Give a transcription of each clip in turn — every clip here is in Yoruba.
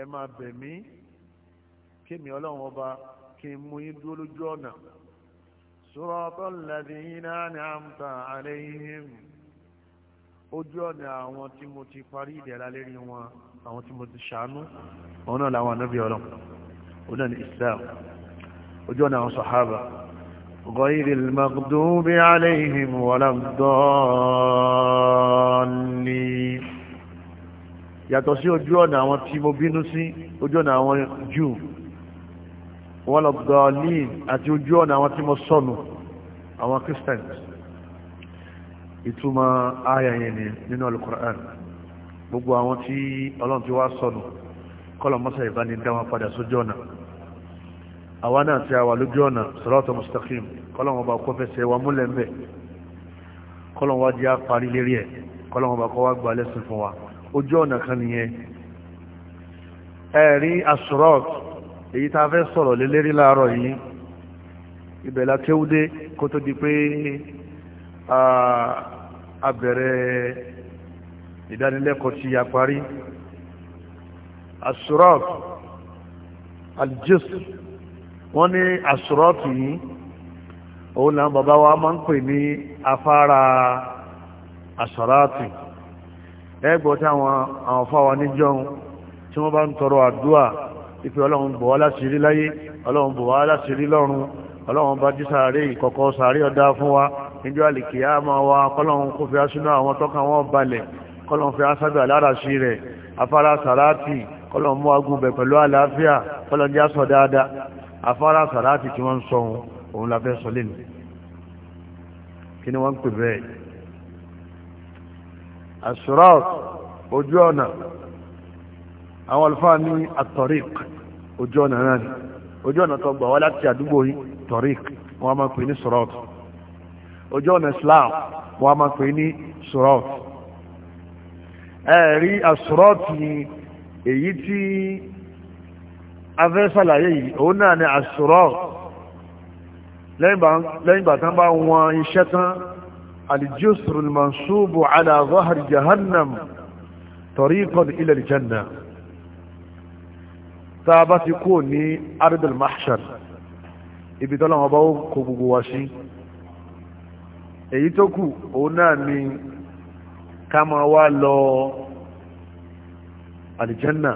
ẹ máa bẹ̀ mí kémi ọlọ́run ọba kí n mú yín dúró lójú ọ̀nà suratal ladina an'amta alayhim ojú ọ̀nà àwọn tí mo ti parí ìdẹ̀ra lérí wọn àwọn tí mo ti ṣàánú ọ̀nà làwọn ànábì ọlọ́run ọ̀nà ní islam ojú ọ̀nà àwọn sàhábà ghayril maghdubi alayhim walad dallin yàtọ̀ sí ojú ọ̀nà àwọn tí mo bínú sí ojú ọ̀nà àwọn jù wọ́n lọ gọ́ọ̀lìn àti ojú ọ̀nà àwọn tí mo sọnù àwọn christians ìtumọ̀ ayà yẹn ni nínú alukur'an gbogbo àwọn tí ọlọ́run ti wá sọnù kọ́lọ̀ mọ́sá ìbáni dá wọn padà sójú ọ̀nà àwa náà tí a lójú ọ̀nà sọ̀rọ̀tọ̀ mustaqim kọ́lọ̀ wọn bá kọ́ fẹsẹ̀ wa múlẹ̀ ń bẹ̀ kọ́lọ̀ wọn wá di á lérí ẹ̀ kọ́lọ̀ wọn bá kọ́ wá gbalẹ́sìn fún wa ojú ọ̀nà kan nìyẹn ẹ̀rí asurọ́t èyí tá a fẹ́ sọ̀rọ̀ lélẹ́rí láàárọ̀ yìí ibẹ̀ la kéwúdé kó tó di pé a bẹ̀rẹ̀ ìdánilẹ́kọ̀ọ́ tí a parí asurọ́t aljus wọ́n ní asurọ́t yìí òun làwọn bàbá wa máa ń pè ní afárá asọ́rọ́tì ẹgbọ́ táwọn àwọn fáwọn níjọun tí wọ́n bá ń tọrọ àdúà ipe ọlọ́run bọ̀ wá láṣìírí láyé ọlọ́run bọ̀ wá láṣìírí lọ́run ọlọ́run bá jí sàárè ìkọ̀kọ̀ sàárè ọ̀dá fún wa níjọ́ àlìkè á máa wá kọ́lọ́run kó fi aṣínú àwọn tọ́ka wọn balẹ̀ kọ́lọ́run fi aṣáájú aláraṣí rẹ̀ afárá sàráàtì kọ́lọ́run mú agún bẹ̀ pẹ̀lú àlàáfíà kọ́lọ́run já sọ dáadáa afárá sàráàtì tí wọ́n ń sọ òun la fẹ́ sọ lẹ́nu kí ni wọ́n ń pè bẹ́ẹ̀ asirat ojú ọ̀nà àwọn àlùfáà ní atọ́rík ojú ọ̀nà náà ojú ọ̀nà tó gbà wá láti àdúgbò yìí tọ́rík wọ́n máa pè ní sirat ojú ọ̀nà islam wọ́n máa pè ní sirat ẹ̀rí asirat ni èyí tí afẹ́ yìí òun náà ni asirat lẹ́yìn bàtán bá wọn iṣẹ́ tán الجسر المنصوب على ظهر جهنم طريقا إلى الجنة تابت يكون أرض المحشر ibìtọ́ lọ́wọ́ bá ó kó gbogbo wa sí èyí tó kù òun náà ni ká máa wá lọ àlìjẹ́nà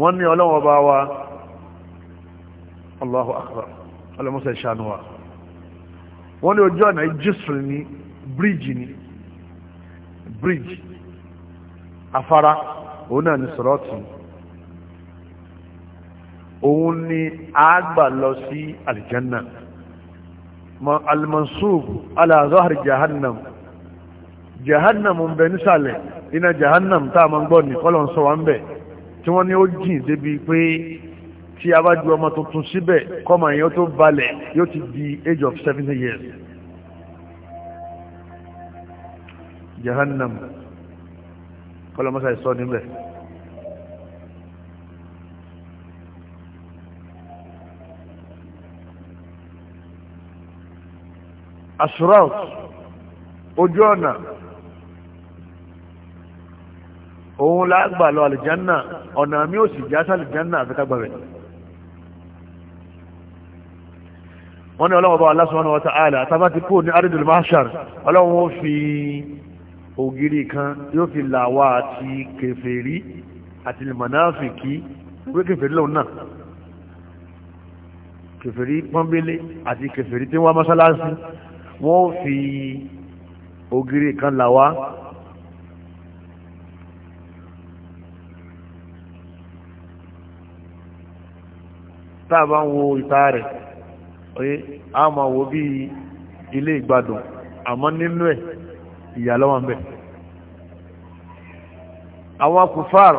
wọ́n ní ọlọ́wọ́ bá wa Allahu akbar ọlọ́mọ́sẹ̀ ṣàánú wa wọ́n ní ojú ọ̀nà jísùn ní bíríjì ní bíríjì afárá òun náà ní sọ̀rọ̀tún òun ni àgbà lọ sí alìjánná almansub ala zahri jahannam jahannam ń bẹ nísàlẹ̀ iná jahannam tá a máa ń gbọ́ ní kọ́lọ̀ ń sọ wá ń bẹ̀ tí wọ́n ní ó jìn débi pé tí a bá ju ọmọ tuntun síbẹ̀ kọ́mọ yẹn tó balẹ̀ yóò ti di age of seventy years. jahannam kọlọmọsá ìsọ níbẹ̀. asrout ojú ọ̀nà òun lágbà lọ àlìjánà ọ̀nà mi ò sì já sálìjánà àfikàgbà rẹ̀. wọ́n ní ọlọ́wọ́ bá Allah subhanahu wa ta'ala tàbá ti kó ní aridul mahshar ọlọ́wọ́ fi ògiri kan yóò fi làwà àti kèfèrí àti lìmọ̀náfìkì wé kèfèrí lòun náà kèfèrí pọ́nbélé àti kèfèrí tí wọ́n mọ́sálásí wọ́n fi ògiri kan làwà tàbá wo ìta rẹ̀ oye a máa wo bí ilé ìgbádùn àmọ́ nínú ẹ̀ ìyàlọ́wọ́n bẹ̀ àwọn kùfàr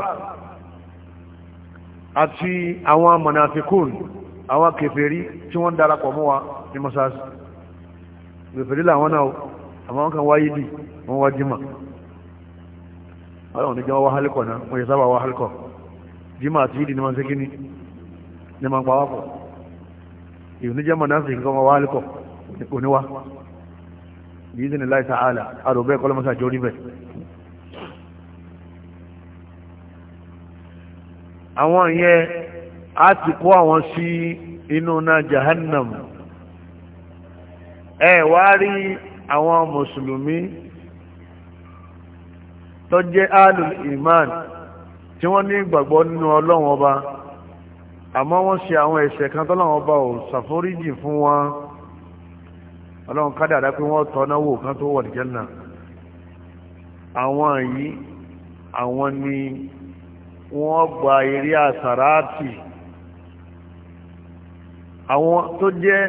àti àwọn mọ̀nàfikún àwọn kèfèrí tí wọ́n darapọ̀ mọ́ wa ní mọ́sáàsì kèfèrí làwọn náà àwọn kan wáyé dì wọ́n wá jímà ọlọ́run ní wá hálíkọ̀ náà wọ́n yẹ sábà wá hálíkọ̀ jímà àti yìí ni wọ́n ń ṣe ní ma ń pa wápọ̀ ìròníjẹ́ mọ̀náfì nǹkan ọmọ wa lẹ́kọ̀ọ́ oníwá yìí sì ní láì sàálà àrò bẹ́ẹ̀ kọ́ lọ́mọ́sá jórí bẹ́ẹ̀. àwọn yẹn á ti kó àwọn sí inú náà jahannam ẹ wá rí àwọn mùsùlùmí tó jẹ́ alul iman tí wọ́n ní ìgbàgbọ́ nínú ọlọ́run ọba àmọ́ wọ́n ṣe àwọn ẹ̀ṣẹ̀ kan tọ́lọ́wọ́n bá ò ṣàforíjì fún wọn ọlọ́run kádàdá pé wọ́n tọ́ náwó kan tó wọ̀ nìjẹ́nà àwọn yìí àwọn ni wọ́n gba eré àsàráàtì àwọn tó jẹ́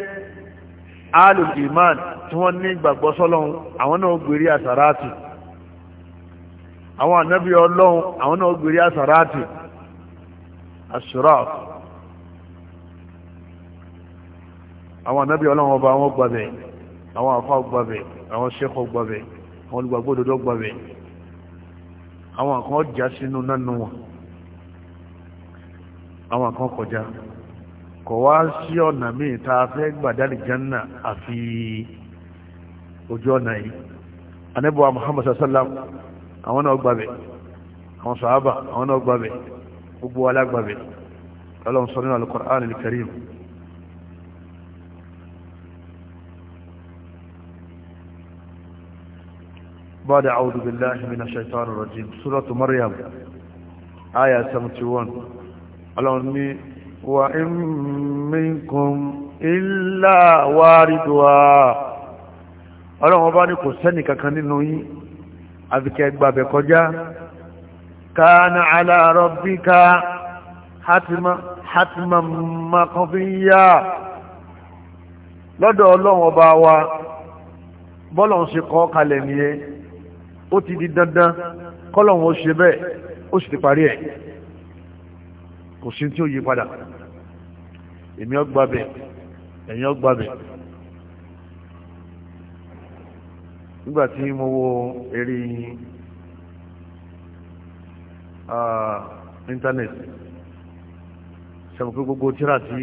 alùdìmán tí wọ́n ní ìgbàgbọ́ sọ́lọ́run àwọn náà gbèrè àsàráàtì àwọn ànábì ọlọ́run àwọn náà gbèrè àsàráàtì asùráàtì àwọn ànábì ọlọ́run ọba wọn gbàbẹ̀ àwọn àfá gbàbẹ̀ àwọn sẹ́kọ̀ gbàbẹ̀ àwọn olùgbàgbọ́ òdodo gbàbẹ̀ àwọn kan já sínú nánú wọn àwọn kan kọjá kọ̀ wá sí ọ̀nà míì tá a fẹ́ gbàdálì jánà àfi ojú ọ̀nà yìí anábọ̀wá Muhammad sallam àwọn náà gbàbẹ̀ àwọn sàhábà àwọn náà gbàbẹ̀ gbogbo alágbàbẹ̀ ọlọ́run sọ nínú Al-Qur'an Al-Karim بعد أعوذ بالله من الشيطان الرجيم سورة مريم آية 71 اللهم وإن منكم إلا واردها ọlọ́run ọba ní kò sẹ́nì kankan nínú yín àbíkẹ́ gbàbẹ̀ kọjá kana ala rabbika hatiman maqdiya lọ́dọ̀ ọlọ́run ọba wa bọ́lọ̀ ń ṣe kọ́ kalẹ̀ nìyẹn ó ti di dandan kọ́lọ̀wọ̀n ó ṣe bẹ́ẹ̀ ó sì ti parí ẹ̀ kò sí tí ó yí padà èmi ọgbà bẹ̀ ẹ̀yin ọgbà bẹ̀ nígbà tí mo wo eré íńtánẹ́ẹ̀tì sẹ́mu pé gbogbo tíra tí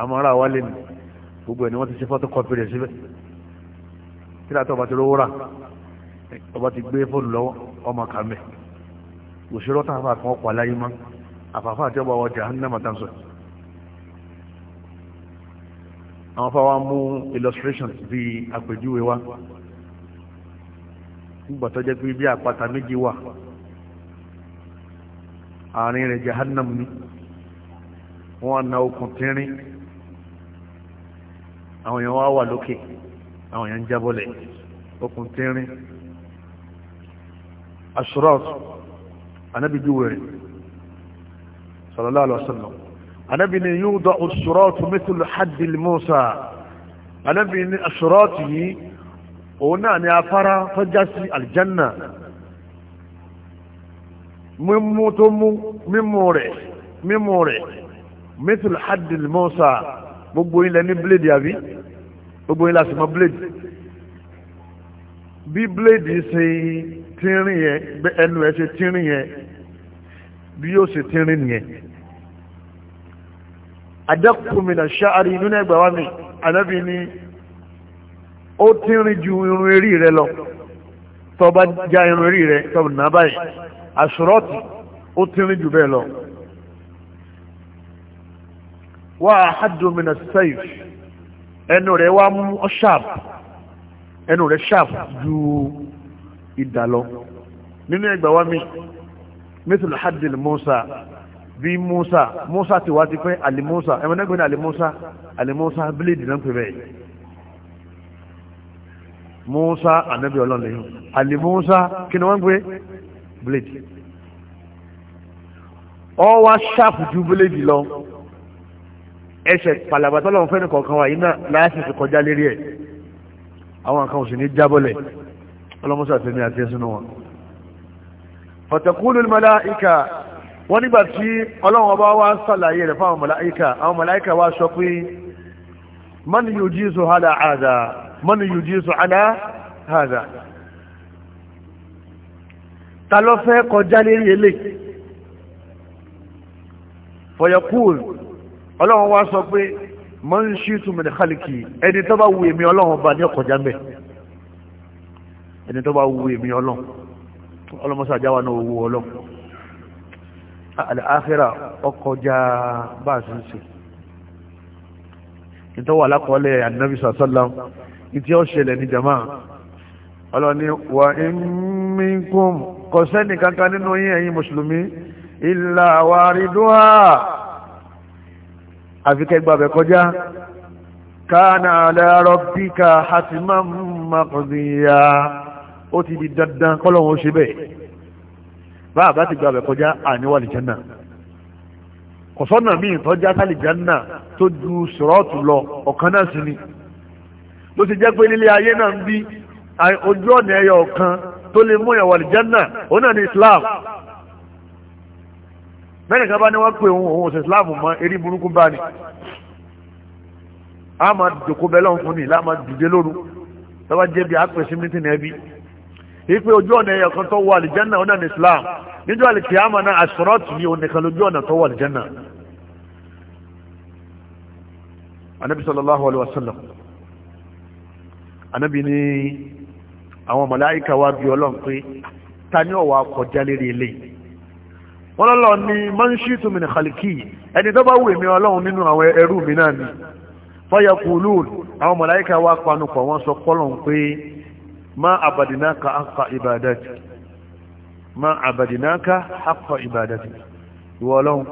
àwọn ará wa lè nì gbogbo ẹ̀ ni wọ́n ti ṣe photocopy rẹ̀ síbẹ̀ tíra tó bá ti rówó rà ọba ti gbé fóònù lọ́wọ́ ọmọ kàmẹ́ òṣèré ọ̀tá àfà kan ọ̀pọ̀ aláyé mọ́ àfàfà àti ọba ọjà hannama tanzan àwọn afáwa mú illustrations bí àpèjúwe wa nígbà tó jẹ́ pé bí àpáta méjì wà àárín rẹ̀ jahannam ni wọ́n na okùn tínrín àwọn èèyàn wá wà lókè àwọn èèyàn ń jábọ́lẹ̀ okùn tínrín ashraf anabi júwe rẹ̀ sallallahu alaihi wasallam anabi ni yúdọ̀ ashraf mithlu haddil musa anabi ni ashraf yìí òun náà ni afárá tó já sí aljanna mímú tó mú mímú rẹ̀ mímú rẹ̀ mithlu haddil musa gbogbo yín ní bíléèdì àbí gbogbo yín lásìmọ́ bíléèdì bí bíléèdì ṣe tínrín yẹn ẹnu ẹ ṣe tínrín yẹn bí yóò ṣe tínrín yẹn adẹ́kùnmìnà ṣáàrí nínú ẹgbà wa mi anábì ni ó tínrín ju irun eré rẹ lọ tó bá já irun eré rẹ tó bá nà báyìí àṣùrọ́ọ̀tì ó tínrín jù bẹ́ẹ̀ lọ wà á hàdùnmìnà sẹ́yìn ẹnu rẹ wá mú ọ́ ṣáàpù ẹnu rẹ ṣáàpù ju ìdá lọ nínú ẹgbà wa mi mẹ́sàn hadil musa bí musa musa ti wá ti pẹ́ alimusa ẹ̀mọ́ náà gbé ní alimusa alimusa bíléèdì náà pè bẹ́ẹ̀ musa anabi ọlọ́run lẹ́yìn alimusa kí ni wọ́n gbé bíléèdì ọ wá ṣáàpù ju bíléèdì lọ ẹsẹ̀ pàlàbàtọ́ lọ́wọ́ fẹ́ni kọ̀ọ̀kan wà yìí náà láyé sì kọjá lérí ẹ̀ àwọn kan ní jábọ́lẹ̀ ọlọ́mọ́sà tẹ̀mí àti ẹ̀sìnú wọn fàtàkùlù màláìkà wọ́n nígbà tí ọlọ́run ọba wá sàlàyé rẹ̀ fáwọn màláìkà àwọn màláìkà wá sọ pé mọ́ni yóò jí sọ hálà àdá mọ́ni yóò jí sọ hálà àdá ta ló fẹ́ kọjá lérí elé fọ̀yàkùlù ọlọ́run wá sọ pé mọ́ni ṣí tùmìnì ẹni tó bá wu èmi ọlọ́n ọlọ́mọsàjáwà náà owó ọlọ́n àlàáfíra ọkọjá bá a sùn sí ìtọ́wà alákọọ́lẹ̀ ànábì sàṣọ́lám ìtí ó ṣẹlẹ̀ ní jama ọlọ́ni wà ìmínkùn kò sẹ́ni kankan nínú yín ẹ̀yin mùsùlùmí ìlà àwárídúwà àfikẹ́gbàbẹ̀ kọjá káà náà lẹ́rọ bíkà hàtìmá mọ́kànlélẹ́yà ó ti di dandan kọ́lọ́hún ó ṣe bẹ́ẹ̀ bá a bá ti gba abẹ́ kọjá àníwá lè jẹ́nà kọ̀sọ́nà míì tọ́já sálì jẹ́nà tó ju sọ̀rọ̀tù lọ ọ̀kan náà sí ni ló ti jẹ́ pé nílé ayé náà ń bí ojú ọ̀nà ẹyọ ọ̀kan tó lè mú ìyàwó àlìjẹ́nà òun náà ní Islam mẹ́rin kan bá ní wọ́n pè òun òun òsè Islam mọ́ eré burúkú bá ní a máa jòkó bẹ́lọ́n fún ni láà dìde lóru tọ́wọ́ jẹ́ bí a pèsè mítìnì ẹbí ipe ojú ọ̀nà ẹ̀yọ̀ kan tó wọ àlìjẹ́nà ọ̀nà ní islam níjọ́ àlìkìyàmọ̀ náà àṣírọ́ọ̀tì ní òun nìkan lójú ọ̀nà tó wọ àlìjẹ́nà anabi sallallahu alaihi wasallam anabi ni àwọn màláíkà wá bí ọlọ́run pé ta ní ọ̀wà kọjá lérí ilé wọ́n lọ́lọ́ ni manshitu min khaliki ẹni tó bá wù mí ọlọ́run nínú àwọn ẹrú mi náà ni fọ́yà kùlùn àwọn màláíkà wá panupọ̀ wọ́n sọ kọ́lọ̀ ma àbàdìnáka haqqa ìbàdàtì ma àbàdìnáka haqqa ìbàdàtì ìwọ̀lọ́un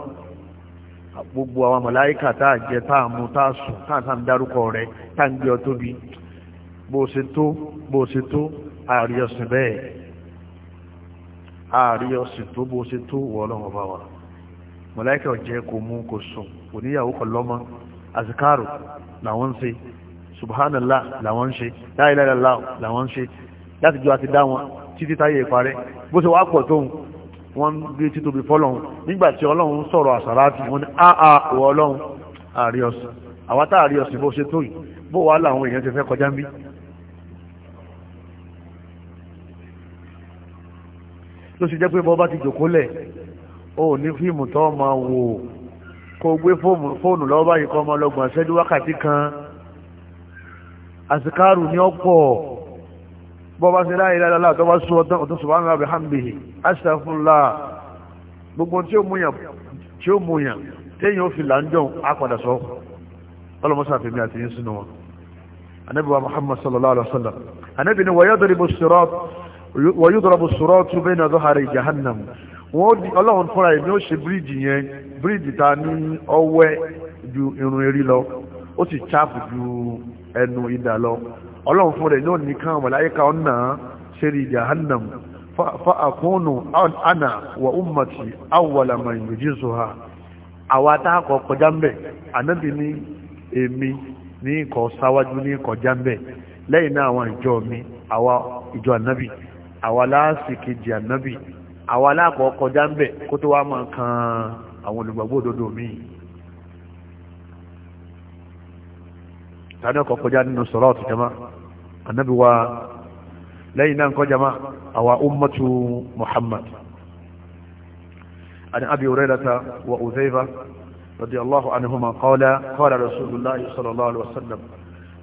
gbogbo àwọn màláíkà táà jẹ táà mú táà sùn táà sáà ń dárúkọ rẹ̀ táà ń gbé ọ tóbi bó ṣe tó bó ṣe tó bẹ́ẹ̀ ààrí tó bó ṣe tó ìwọ̀lọ́un ọba wa màláíkà ọ̀jẹ́ kò mú kò sùn kò níyàwó kò làwọn ń ṣe subhanallah làwọn ń ṣe la ilaha illallah làwọn ń ṣe láti jọ àti dá wọn títí táyé ìparẹ́ bó ṣe wá pọ̀ tóun wọ́n ń gbé títóbi fọ́lọ́hun nígbà tí ọlọ́run sọ̀rọ̀ àsàráàtì wọn ni àà wọ ọlọ́run àrí ọ̀sìn àwátá àrí bó ṣe tó yìí bó wà láwọn èèyàn ti fẹ́ kọjá ń bí ló ṣe jẹ́ pé bọ́ bá ti jòkólẹ̀ ó ní fíìmù tó máa wò kó gbé fóònù lọ́wọ́ báyìí kọ́ ọmọ ọlọ́gbọ̀n ṣẹ́jú wákàtí kan àsìkáàrù ní ọ̀pọ̀ la bá ṣe láàrín ìlàlá tó bá sọ ọ̀tún subhanallahi bihamdihi astaghfirullah gbogbo tí ó múyàn tí fi sọ anabi wa muhammad sallallahu alaihi anabi ni dhahari jahannam ni ta ju irun eri o chafu ju ẹnu ìdà lọ ọlọ́run fún rẹ̀ yóò nìkan màláíkà ọ̀nà ṣeré jahannam fa'akunu ana wa ummati awwala man yujizuha àwa tá a kọ kọjá ń bẹ̀ ànábì ní èmi ní ikọ̀ sáwájú ní kọjá ń bẹ̀ lẹ́yìn náà àwọn ìjọ mi àwa ìjọ ànábì àwa láásìkejì ànábì àwa láàkọ̀ kọjá ń bẹ̀ kó tó wá máa kan àwọn olùgbàgbọ́ òdodo míì tani ọkọ̀ kọjá nínú sọ̀rọ̀ ọ̀tún jama anabi wa lẹ́yìn náà kọjá ma àwa ummatu muhammad عن أبي هريرة وأذيبة رضي الله عنهما قال قال رسول الله صلى الله عليه وسلم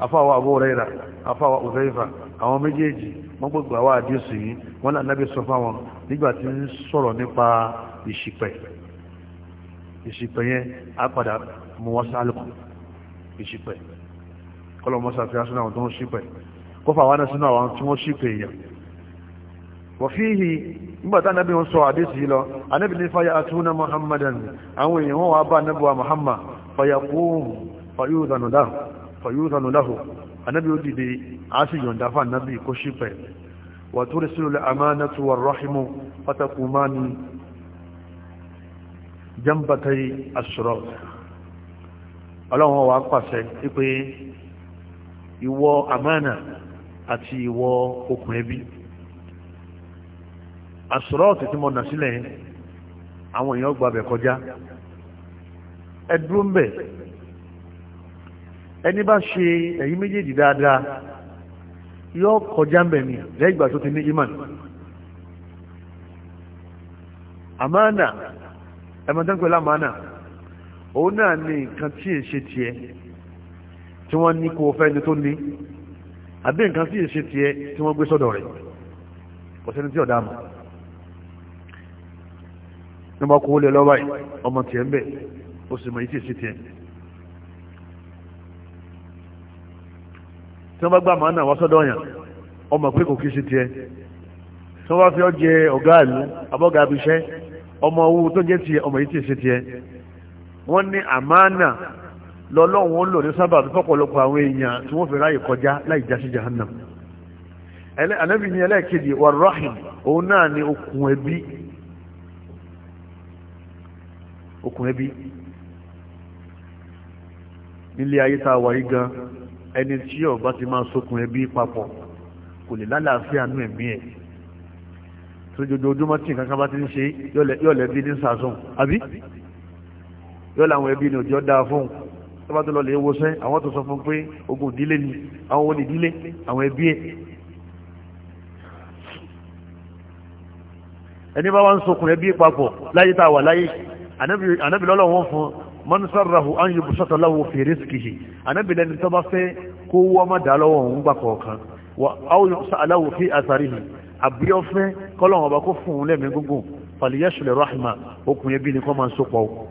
أفاوى أبو هريرة أفاوى أذيبة أو مجيجي مبقى واديسي وانا النبي صلى الله عليه وسلم nígbà tí ń sọ̀rọ̀ nípa ìṣìpẹ̀ ìṣìpẹ̀ yẹn á padà mú wá sálùkù ìṣìpẹ̀ kọlọmọ sàfihàn sínú àwọn tó ń ṣípẹ̀ kó fà wá náà sínú àwọn tí wọ́n ṣípẹ̀ èèyàn wọ̀fíhì nígbàtá anábì wọn sọ àdéṣì lọ anábì ní fàyà àtúnà muhammadan àwọn èèyàn wọn wà bá anábì wa muhammad fàyà kóòm fàyúzànù láhù anábì ó dìde a sì yọ̀ǹda fún anábì kó ṣípẹ̀ wà tó rẹ̀ sílùlẹ̀ amánàtù wà rọ́hìmù pátákù máa ní jambatai asọ́rọ̀ ọlọ́run wa pàṣẹ wípé ìwọ amana àti ìwọ okùn ẹbí àsọ̀rọ̀ọ̀tì tí mo nà sílẹ̀ àwọn èèyàn gba bẹ̀ kọjá ẹdúró ń bẹ̀ ẹni bá ṣe èyí méjèèjì dáadáa yọ kọjá ń bẹ̀ ni lẹ́yìn ìgbà tó ti ní imán ẹ̀mọ̀tẹ́ńpẹ̀lá òun náà ní nǹkan tí tí wọ́n ní kó fẹ́ ní tó ní àbí nǹkan sí ìṣe ẹ tí wọ́n gbé sọ́dọ̀ rẹ̀ ọ̀sẹ̀ sẹ́ni tí ọ̀dà mọ̀ ní wọ́n kó lè lọ́wọ́ yìí ọmọ tiẹ̀ ń bẹ̀ ó sì mọ̀ yìí sí ìṣe tiẹ̀ tí wọ́n bá gbà máa nà wá sọ́dọ̀ yàn ọmọ pé kò kí sí tiẹ̀ tí wọ́n bá fi ọ́ ọ̀gá ìlú abọ́gà abiṣẹ́ ọmọ owó tó jẹ́ ọmọ yìí wọ́n ní lọ́lọ́run ó lò ní sábà fọ́pọ̀lọpọ̀ àwọn èèyàn tí wọ́n fi ráyè kọjá láì já jahannam anábì ní ẹlẹ́ẹ̀kejì warahim òun náà ni okùn ẹbí okùn ẹbí nílé ayé tá a wà yí gan ẹni tí ọba ti máa sókùn ẹbí papọ̀ kò lè lálàáfíà nú ẹ̀mí ẹ̀ tó jojoojúmọ́ tí nǹkan kan bá ti ń ṣe yọ̀lẹ̀ bí ní sàásùn àbí yọ̀lẹ̀ àwọn ẹbí ni òjò dáa fóun tó bá tó lọ lè wọṣẹ́ àwọn tó sọ fún pé ogun ìdílé ni àwọn olè ìdílé àwọn ẹbí ẹ̀ ẹni bá wá ń sokùn ẹbí papọ̀ láyé tá a wà láyé ànábì lọ́lọ́wọ́ fún man sarrahu an yubsata lahu fi rizqihi ànábì lẹ́ni tó bá fẹ́ kó wọ́n má dá lọ́wọ́ òun gbà kọ̀ọ̀kan wa aw yusa lahu fi atharihi àbí kọ́lọ́wọ́n ọba kó fún un lẹ́mìí gúngùn fàlìyẹ́sùlẹ̀ rahma okùn ẹbí ni kọ́ máa ń sopọ̀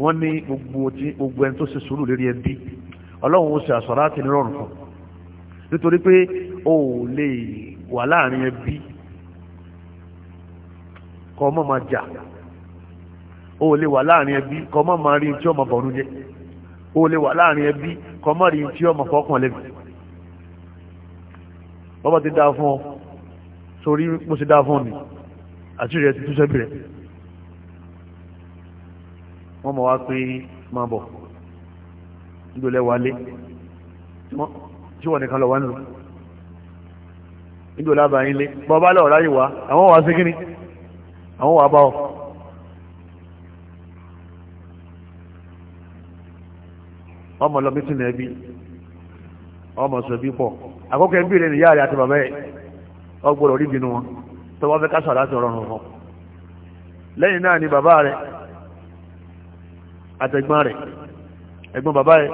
wọ́n ní gbogbo tí gbogbo ẹni tó ṣe sùúrù lérí ẹbí ọlọ́run ó ṣe àṣọ̀rá àti nírọ̀rùn fún nítorí pé o ò lè wà láàrin ẹbí kọ́ mọ́ máa jà o ò lè wà láàrin ẹbí kọ́ mọ́ máa rí tí ọmọ bọ̀rún jẹ o lè wà láàrin ẹbí kọ́ mọ́ rí tí ọmọ fọ́kàn lẹ́nu bọ́bá ti dáa fún ọ sórí mo ti dáa fún ọ ni àti rẹ̀ ti wọ́n mọ̀ wá pé máa bọ̀ nígbòlẹ̀ wálé tí wọ́n nìkan lọ wá nílùú nígbòlẹ̀ àbáyé lé bọ́ọ̀bá lọ ráyè wá àwọn wà sí kíní àwọn wà bá ọ ọmọ lọ mítìnà ẹbí ọmọ sọ bí pọ̀ àkókò ẹbí rẹ̀ nìyá rẹ̀ àti bàbá ẹ̀ ọgbọ̀rọ̀ orí bínú wọn tó wá fẹ́ ká sọ̀rọ̀ láti ọ̀rọ̀ ọ̀rọ̀ lẹ́yìn náà ni bàbá rẹ̀ àtẹ̀gbọ́n rẹ̀ ẹ̀gbọ́n bàbá rẹ̀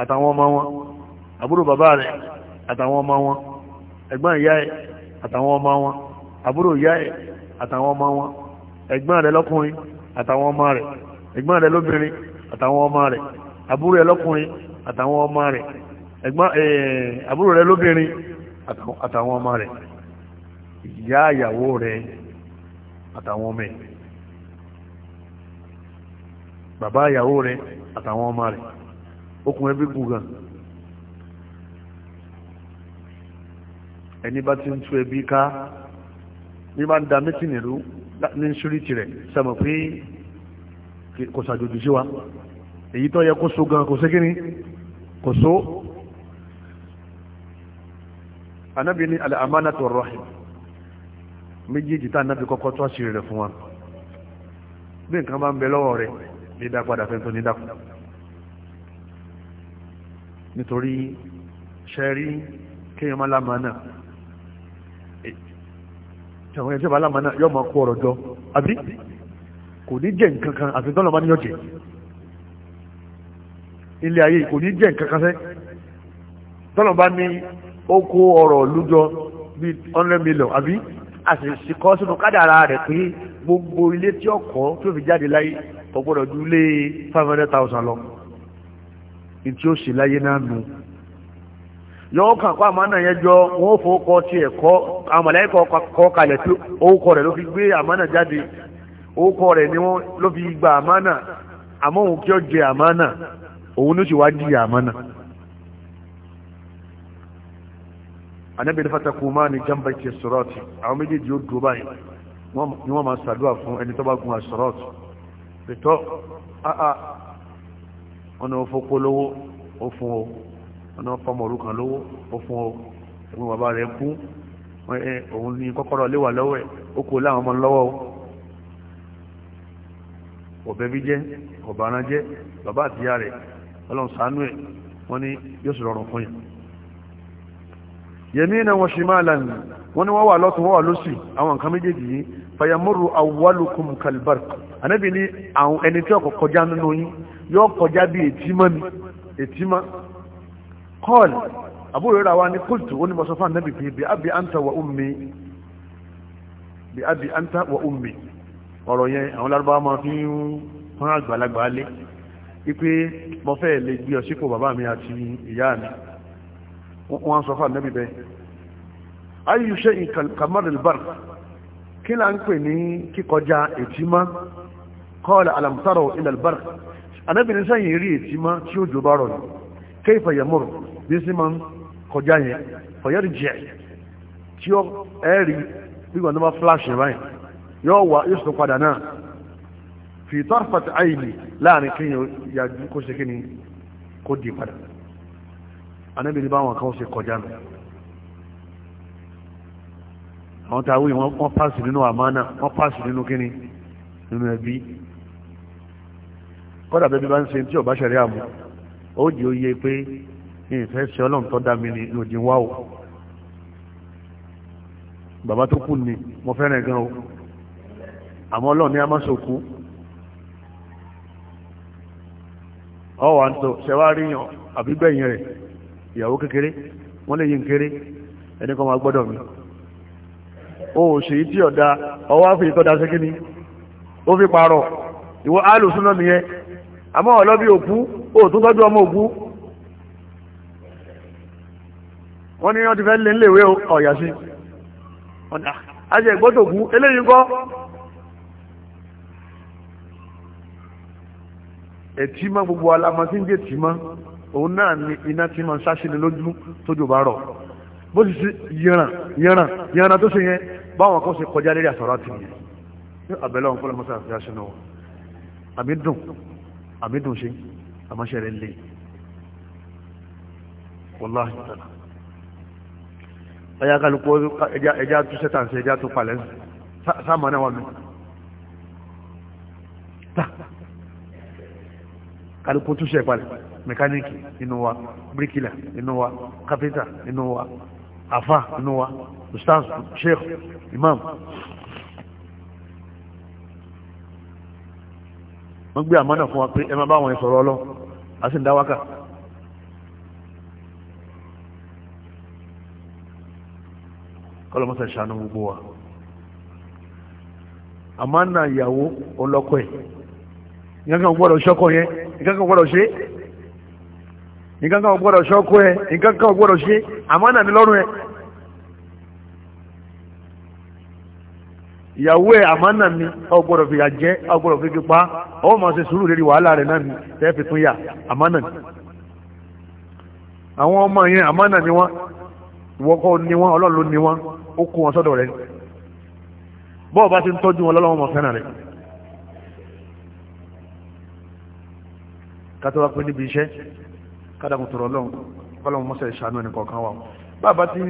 àtàwọn ọmọ wọn àbúrò bàbá rẹ̀ àtàwọn ọmọ wọn ẹ̀gbọ́n ìyá ẹ̀ àtàwọn ọmọ wọn àbúrò ìyá ẹ̀ àtàwọn ọmọ wọn ẹ̀gbọ́n rẹ̀ lọ́kùnrin àtàwọn ọmọ rẹ̀ ẹ̀gbọ́n rẹ̀ lóbìnrin àtàwọn ọmọ rẹ̀ àbúrò rẹ̀ lọ́kùnrin àtàwọn ọmọ rẹ̀ ẹ̀gbọ́n eh, àbúrò rẹ̀ lóbìnrin àtàwọn ọmọ rẹ̀ ìyá ìyàwó rẹ̀ àtàwọn ọmọ rẹ̀ bàbá ìyàwó rẹ̀ àtàwọn ọmọ rẹ̀ okùn ẹbí gùn gan ẹni bá ti ń tú ẹbí ká ní bá ń da mítìnì rú ní ṣúrìtì rẹ̀ sẹ́mọ̀ pé kò ṣàjòjì sí wa èyí tó yẹ kó so gan kò sí kíni kò so anábì ní al-amanatu ar-rahim méjèèjì tá anábì kọ́kọ́ tó àṣírí rẹ̀ fún wa bí nǹkan bá ń bẹ lọ́wọ́ rẹ̀ dídá padà fẹ́ tó dídá kù nítorí ṣẹ́rí kéèyàn máa lámàá náà e, àwọn ẹ̀jẹ̀ bá lámàá náà yóò máa kó ọ̀rọ̀ jọ àbí kò ní jẹ́ nǹkan kan àti tọ́lọ̀ bá níyànjẹ́ ilé ayé kò ní jẹ́ nǹkan kan sẹ́ tọ́lọ̀ bá ní ó kó ọ̀rọ̀ lújọ bíi hundred million àbí àṣìṣe kọ́ sínú kádàrá rẹ̀ pé gbogbo ilé tí ọkọ̀ tó fi jáde láyé kò gbọ́dọ̀ ju lé five hundred thousand lọ ní tí ó sì láyé náà nù yọ̀ọ́ kàn kọ́ àmánà yẹn jọ wọ́n ó fowó kọ́ tiẹ̀ kọ́ àmàlẹ́yìn kọ́ kalẹ̀ tí orúkọ rẹ̀ ló fi gbé àmánà jáde orúkọ rẹ̀ ni wọ́n ló fi gba àmánà àmọ́ òun kí ó jẹ àmánà òun ló sì wá jìyà àmánà. anabi ní fatakù máa ní jamba ti sọ̀rọ̀tì àwọn méjèèjì ó dúró báyìí ni wọ́n máa ṣàdúrà fún ẹni tó bá gun àṣọ̀rọ̀tì pẹ̀tọ́ àà ọ̀nà òfòpó lówó ó fún o ọ̀nà ọ̀pọ̀mọ̀ òrukàn lówó ó o ẹ̀gbọ́n bàbá rẹ̀ kú òun ní kọ́kọ́rọ́ léwà lọ́wọ́ ẹ̀ ó kó láwọn ọmọ lọ́wọ́ o ọ̀bẹ̀bí jẹ́ ọ̀bàrán jẹ́ bàbá àtìyá rẹ̀ ọlọ́run ṣàánú ẹ̀ wọ́n ní yóò sì rọrùn fún yẹn yẹmí náà wọ́n ṣe máa lànà wọ́n ní wọ́n wà lọ́tún wọ́n wà lọ́sì àwọn nǹkan méjèèjì yìí fayamuru awwalukum kalbar anabi ni àwọn ẹni tí ọkọ̀ kọjá nínú yín yóò kọjá bí ètímọ́ ni ètímọ́ kọ́ọ̀l àbúrò rẹ̀ wa ni kóòtù ó ní mọ̀ sọ́fà anabi fi bí abi anta wa ummi bí abi anta wa ummi ọ̀rọ̀ yẹn àwọn lárúbáwá máa fi ń fún àgbàlagbà lé ipe mo fẹ́ lè gbé ọ sípò bàbá mi àti ìyá mi wọ́n sọ fún anabi bẹ́ẹ̀ ayé iṣẹ́ ìkàmọ́rẹ̀ bàrẹ̀ kí là ń pè ní kíkọjá ètímá kọ́ọ̀lá alamtaro ilalbar anábìnrin sẹ́yìn rí ètímá tí ó jò bá rọ̀ ní kéfà yamur bí sí máa ń kọjá yẹn fọyẹ́rì jẹ́ tí ó ẹ̀rí wíwọ̀n tó bá flash yẹn báyìí yóò wá yóò sọ padà náà fi tọ́rfàtì àìlì láàrin kí yàjú kó ṣe kí ni kó di padà anábìnrin báwọn kan ṣe kọjá náà àwọn tàwí wọ́n pàṣì nínú àmánà wọ́n pàṣì nínú kíni nínú ẹbí kọ́dà bẹ́bí bá ń ṣe tí ọba ṣẹ̀rí àmú ó jẹ́ oyé pé ní ìfẹ́ ṣe ọlọ́run tó dá mi ní lòdì wá o bàbá tó kù ni mo fẹ́ràn gan o àmọ́ ọlọ́run ní a má sòkú ọwọ́ àǹtọ̀ ṣẹwàá ríyàn àbígbẹ̀yìn rẹ̀ ìyàwó kékeré wọ́n lè yí nkéré ẹni kan máa gbọ́dọ̀ mi o ò ṣèyí tí ọ̀dà ọwọ́ àfi ìtọ́da ṣe kí ni ó fi parọ̀ ìwọ alùsùnà nìyẹn àmọ́ ọlọ́bí òkú ó tún tọ́jú ọmọ òkú wọ́n ní wọ́n ti fẹ́ lé níléèwé ọ̀yà sí ọ̀dà ajẹ́ ah, ìgbọ́tò òkú eléyìí kọ́ ẹ̀tìmọ́ gbogbo alamọ́sí ń jẹ́ tìmọ́ òun náà ni iná tí ma ń sáṣẹ́ni lójú tójú bá rọ̀ bó ti ṣe yẹran yẹran yẹran tó ṣe yẹn báwọn kan ṣe kọjá lérí àsọ̀rọ̀ àti yẹn ní àbẹ̀lẹ̀ ọ̀hún fọlọ́mọ́sá àti aṣọ́nà wọn àmì dùn àmì dùn ṣe àmọ́ṣẹ́ rẹ̀ lé wọláhì tàlà ẹ̀yà kálukú ẹja tún sẹ́tàǹsì ẹja tún palẹ̀ sáàmù náà wà mí kálukú tún ṣe palẹ̀ mẹkáníìkì inú wa bíríkìlà inú wa kápẹ́ntà inú wa Afa inú wa ustaz sheikh imam wọ́n gbé àmọ́nà fún wa pé ẹ máa bá wọn sọ̀rọ̀ ọlọ́ a sì ń dá wákà kọlọmọsẹ̀ ṣàánú gbogbo wa àmọ́nà ìyàwó ọlọ́kọ̀ ẹ̀ ìyànkan gbọ́dọ̀ ṣọ́kọ̀ yẹn ìyànkan gbọ́dọ̀ ṣe é nǹkan kan ò gbọ́dọ̀ ṣọ́kú ẹ nǹkan kan ò gbọ́dọ̀ ṣe àmánà ní lọ́rùn ẹ ìyàwó ẹ àmánà ní ò gbọ́dọ̀ fìyà jẹ ò gbọ́dọ̀ fi pa ọ máa ṣe sùúrù lérí wàhálà rẹ náà ní tẹ́ fi tún yà àmánà ní àwọn ọmọ yẹn àmánà ní wọn ìwọ́kọ́ ní wọn ọlọ́run ló ní wọn ó kó wọn sọ́dọ̀ rẹ bọ́ọ̀ bá ti ń tọ́jú wọn lọ́lọ́wọ́ mọ̀ fẹ́ràn rẹ̀ kátó wá pé níbi iṣẹ́ kádàkùn tọrọ lọ́n kọ́lọ́n mọ́sẹ̀ ìṣàánú ẹnì kọ̀ọ̀kan wa bàbá tí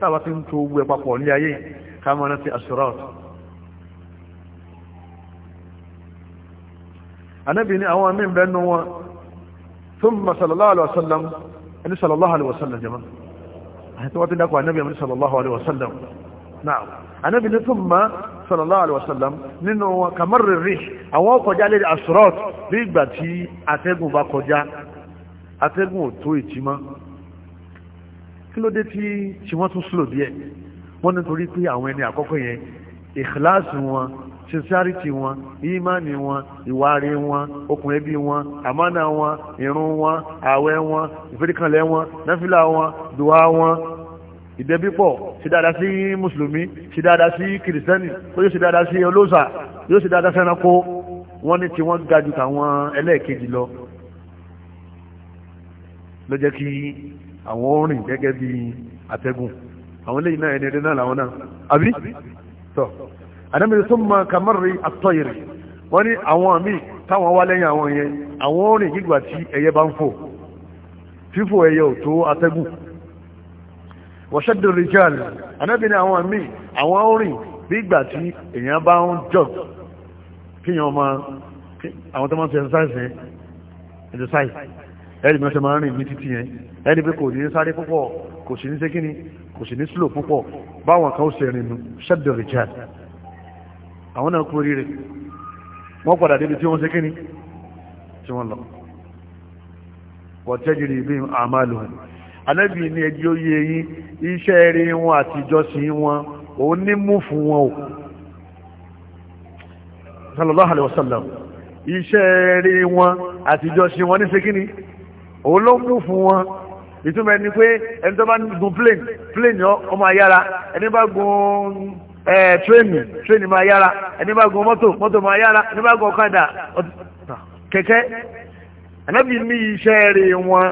tábà tí ń tó owó ẹ papọ̀ ní ayé káàmọ́ rántí assurance anábì ní àwọn amí bẹ́ẹ̀ nú wọn thumma sallallahu alaihi wasallam ẹni sallallahu alaihi wasallam jama àti wọ́n ti dákọ̀ anábì sallallahu alaihi wasallam náà anábì ní thumma sallallahu alaihi wasallam nínú wọn kàmọ́rì rí àwọn kọjá lè asrọ́t bí ìgbà tí atẹ́gùn bá kọjá atẹ́gùn ò tó ìtìmọ́ kí ló dé tí tí wọ́n tún slow díẹ̀ wọ́n nítorí pé àwọn ẹni àkọ́kọ́ yẹn ìkìláàsì wọn sincerity wọn ìmánì wọn ìwárí wọn okùn ẹbí wọn àmánà wọn ìrun wọn ààwẹ̀ wọn ìfẹ́ríkànlẹ̀ wọn náfìlà wọn dùwà wọn ìdẹ́bí pọ̀ ṣe dáadáa sí mùsùlùmí ṣe dáadáa sí kìrìsìtẹ́nì yóò ṣe dáadáa sí olóòṣà yóò ṣe dáadáa sẹ́ranko wọ́n ní tí wọ́n ga ju tàwọn ẹlẹ́ẹ̀kejì lọ ló jẹ́ kí àwọn orin gẹ́gẹ́ bí àtẹ́gùn àwọn eléyìí náà ẹni ẹ̀dẹ́ náà làwọn náà àbí tọ́ àdámẹ́rin tó mọ kàmárì àtọ́yẹ̀rẹ̀ wọ́n ní àwọn míì táwọn wá lẹ́yìn àwọn yẹn àwọn orin gígbà tí ẹyẹ bá ń fò fífò ẹyẹ ò tó àtẹ́gùn wọ́ṣẹ́dù rìjọ́l anábìnrin àwọn míì àwọn orin bí ìgbà tí èèyàn bá ń jọ kíyàn ọmọ àwọn tó máa ń ṣe exercise yẹn exercise ẹ̀rì mi ọ̀ṣẹ́ máa ń rìn ní títí yẹn ẹni pé kò ní sáré púpọ̀ kò sì ní sé kíni kò sì ní slow púpọ̀ báwọn kan ó ṣe rìn nu ṣẹ́dù rìjọ́l àwọn náà kú oríire wọ́n padà débi tí wọ́n sé kíni tí wọ́n lọ wọ́n tẹ́jú ní ibi àmàlù anábì ní ẹjí ó yé yín iṣẹ́ rí wọn àti ìjọsìn wọn òun ní mú fún wọn o sallallahu alaihi wasallam iṣẹ́ rí wọn àti ìjọsìn wọn ní sekini òun ló mú fún wọn ìtumọ̀ ẹni pé ẹni tó bá gun plane plane ọmọ ayára ẹni bá gun ẹ tírẹ́nì máa yára ẹni bá gun mọ́tò mọ́tò máa yára ẹni bá gun ọ̀kadà kẹ̀kẹ́ anábì ní iṣẹ́ rí wọn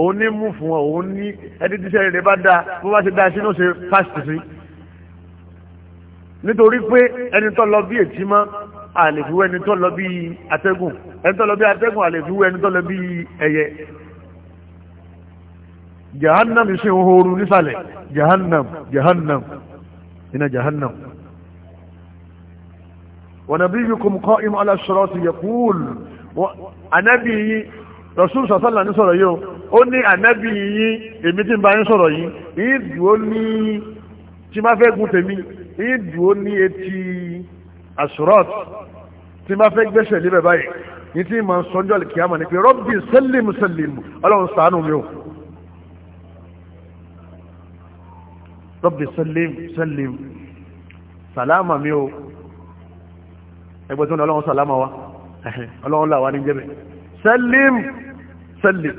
òun ní mú fún ọ òun ní ẹni tíṣẹ́ rere bá dáa bó bá ṣe dáa sínú ṣe fásitì sí nítorí pé ẹni tó lọ bí ètí mọ́ àlèfiwé ẹni tó lọ bí atẹ́gùn ẹni tó lọ bí atẹ́gùn àlèfiwé ẹni tó lọ bí ẹyẹ jahannam ṣe ń horu nísàlẹ̀ jahannam jahannam iná jahannam wa nabiyukum qa'imun ala sirati yaqul ànábì yìí rasul sọ̀sọ́là ní sọ̀rọ̀ yìí ó ní ànábì yìí èmi tí ń bá yín sọ̀rọ̀ yìí yìí dùn ó ní tí máa fẹ́ gun tèmi yìí dùn ó ní etí asurọ́t tí máa fẹ́ gbẹ́sẹ̀ níbẹ̀ báyìí yìí tí máa ń sọ́njọ́ lè kíyàmà ní pé rọ́bì sẹ́lẹ̀mù sẹ́lẹ̀mù ọlọ́run ṣàánú mi o rọ́bì sẹ́lẹ̀mù sẹ́lẹ̀mù sàlámà mi o ẹgbẹ́ tó ní ọlọ́run sàlámà wa ọlọ́run làwa ní jẹ́bẹ̀ sẹ́lẹ̀mù sẹ́lẹ̀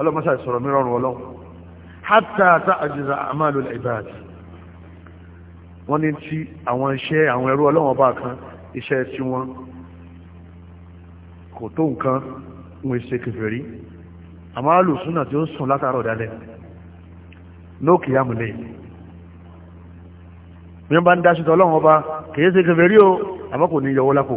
ọlọ́mọṣà ìsọ̀rọ̀ mi rọrùn ọlọ́run hátà tá àjẹsà àmàlù ìbáàdì wọ́n ní tí àwọn iṣẹ́ àwọn ẹrú ọlọ́run ọba kan iṣẹ́ tí wọ́n kò tó nǹkan ń ṣe kèfèrí àmọ́ alùsùnà tí ó ń sùn látàrọ̀ dálẹ̀ lókè àmúlẹ̀ bí wọ́n bá ń dáṣítọ̀ ọlọ́run ọba kìí ṣe kèfèrí o àmọ́ kò ní yọwọ́ lápò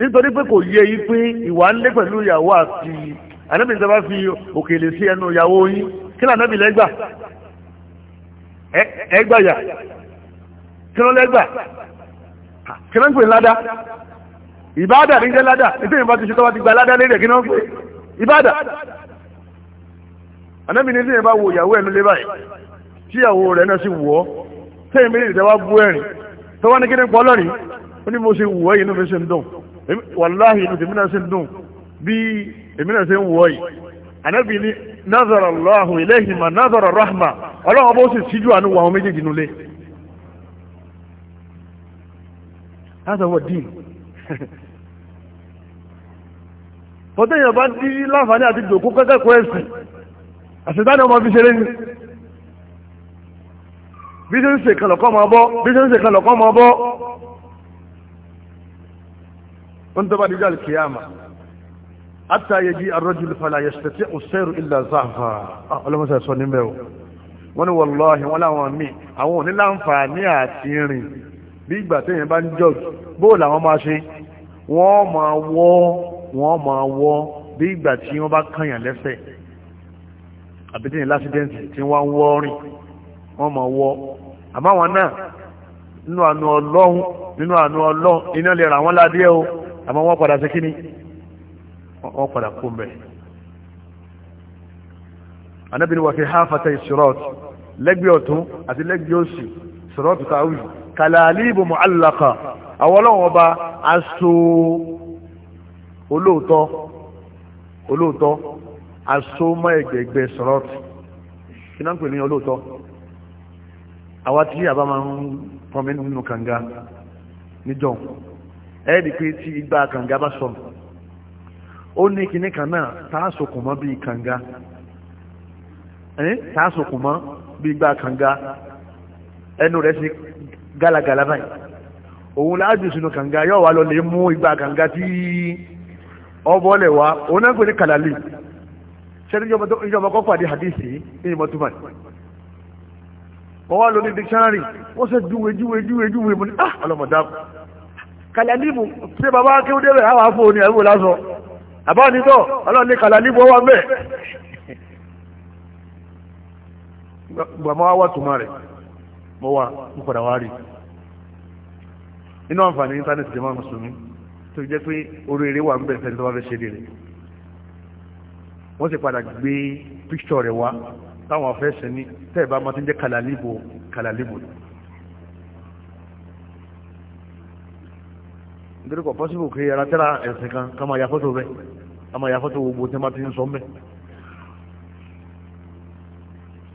nítorí pé kò yẹ yí pé ìwà ń lé pẹ̀lú ìyàwó àti ànábì ìjọba fi òkèlè sí ẹnu ìyàwó yín kí lànábì lẹ́gbà ẹgbàyà kí ló lẹ́gbà kí ló ń pè ládá ìbáàdà ní jẹ́ ládá nítorí ìbá ti ṣe tọ́wọ́ ti gba ládá lérè kí ló ń pè ìbáàdà ànábì ní sèyìn bá wo ìyàwó ẹnu lé báyìí tí ìyàwó rẹ̀ náà sì wọ̀ ọ́ sẹ́yìn méjì tẹ́wọ́ bú ẹ̀rìn tọ́wọ́ ní kí ní pọ́ lọ́rìn ó ní mo ṣe wọ̀ ẹ́ yìí ló fi ṣe ń dùn wàláhì inú tèmi náà ṣe ń dùn bí èmi náà ṣe ń wọ̀ yìí ànábì ní nazara allahu ilayhi ma nazara rahma ọlọ́run bó sì síjú àánú wa àwọn méjèèjì nulẹ̀ hasa wa din fọ́tẹ́ yẹn bá dí láǹfààní àti dòkó kẹ́kẹ́kọ́ ẹ̀sìn àṣetánì ọmọ fi ṣeré ní bí ṣe ń máa bọ́ bí ṣe ń máa bọ́ ń tọ́bá dídá alkiyama hatta yaji ar-rajul fala yastati'u as-sayru illa zahfa ah, ọlọ́mọsá sọ níbẹ̀ o wọ́n ní wallahi wọ́n láwọn míì àwọn òní láǹfààní àti rìn bí ìgbà téèyàn bá ń jọ́ọ̀jù bóò làwọn máa ṣe wọ́n máa wọ́ wọ́n máa wọ́ bí ìgbà tí wọ́n bá kànyàn lẹ́sẹ̀ àbí téèyàn lásìdẹ́ǹtì tí wọ́n ń wọ́ rìn wọ́n máa wọ́ àmọ́ àwọn náà nínú àánú ọlọ́run nínú àánú ọlọ́run iná lè rà wọ́n ládé o àmọ́ wọ́n padà sí kíní wọ́n padà kó mbẹ̀ anábìnrin wà fi háfàtà ìṣòrọ́t lẹ́gbẹ̀ẹ́ ọ̀tún àti lẹ́gbẹ̀ẹ́ òsì ṣòrọ́t káwí kàlàlíbù mu'allaqa àwọn ọlọ́wọ́n ọba aṣọ olóòtọ́ olóòtọ́ aṣọ mọ́ ẹgbẹ̀gbẹ̀ ṣòrọ́t kí náà ń pè ní olóòtọ́ àwa tí àbá máa ń pọnmi nínú kànga níjọ́ ẹ̀ẹ́dì pé tí igbá kànga bá sọnù ó ní kinní kan náà tààsùkùn mọ́ bíi kànga tààsùkùn mọ́ bíi igbá kànga ẹnu rẹ̀ sí gálagàlá báyìí òun láàjù sínú kànga yóò wá lọ lè mú igbá kànga tí ọbọ̀ lẹ̀ wá òun náà ń ní kàlàlì sẹ́ni ìjọba kọ́ pàdé hadithi ní tó báyìí wọ́n wá lórí dictionary wọ́n sẹ́ juwe juwe juwe júwe mo ní ah ọlọ́mọdá kàlàlíbù tí bàbá kí ó débẹ̀ àwọn afọ́ ní ẹ̀rù lásọ àbá nítọ́ ọlọ́run ní kàlàlíbù ọwọ́ mẹ́ gbàmọ́ wà túnmà rẹ̀ mọ́ wà ń padà wá rí inú àǹfààní íńtánẹ́tì jẹ́ máa mùsùlùmí tó jẹ́ pé orí eré wà ń bẹ̀ fẹ́ni tó bá fẹ́ ṣe rere wọ́n sì padà gbé píkṣọ̀ rẹ̀ wá táwọn afẹ́ṣẹ́ ní tẹ́ẹ̀ máa ti jẹ́ kàlàlíbù kàlàlíbù nítorí kò pọ́sibù kí ara tẹ́ra ẹ̀sìn kan ká máa ya fọ́tò bẹ́ẹ̀ ká máa ya fọ́tò gbogbo tí wọ́n ti ń sọ mẹ́.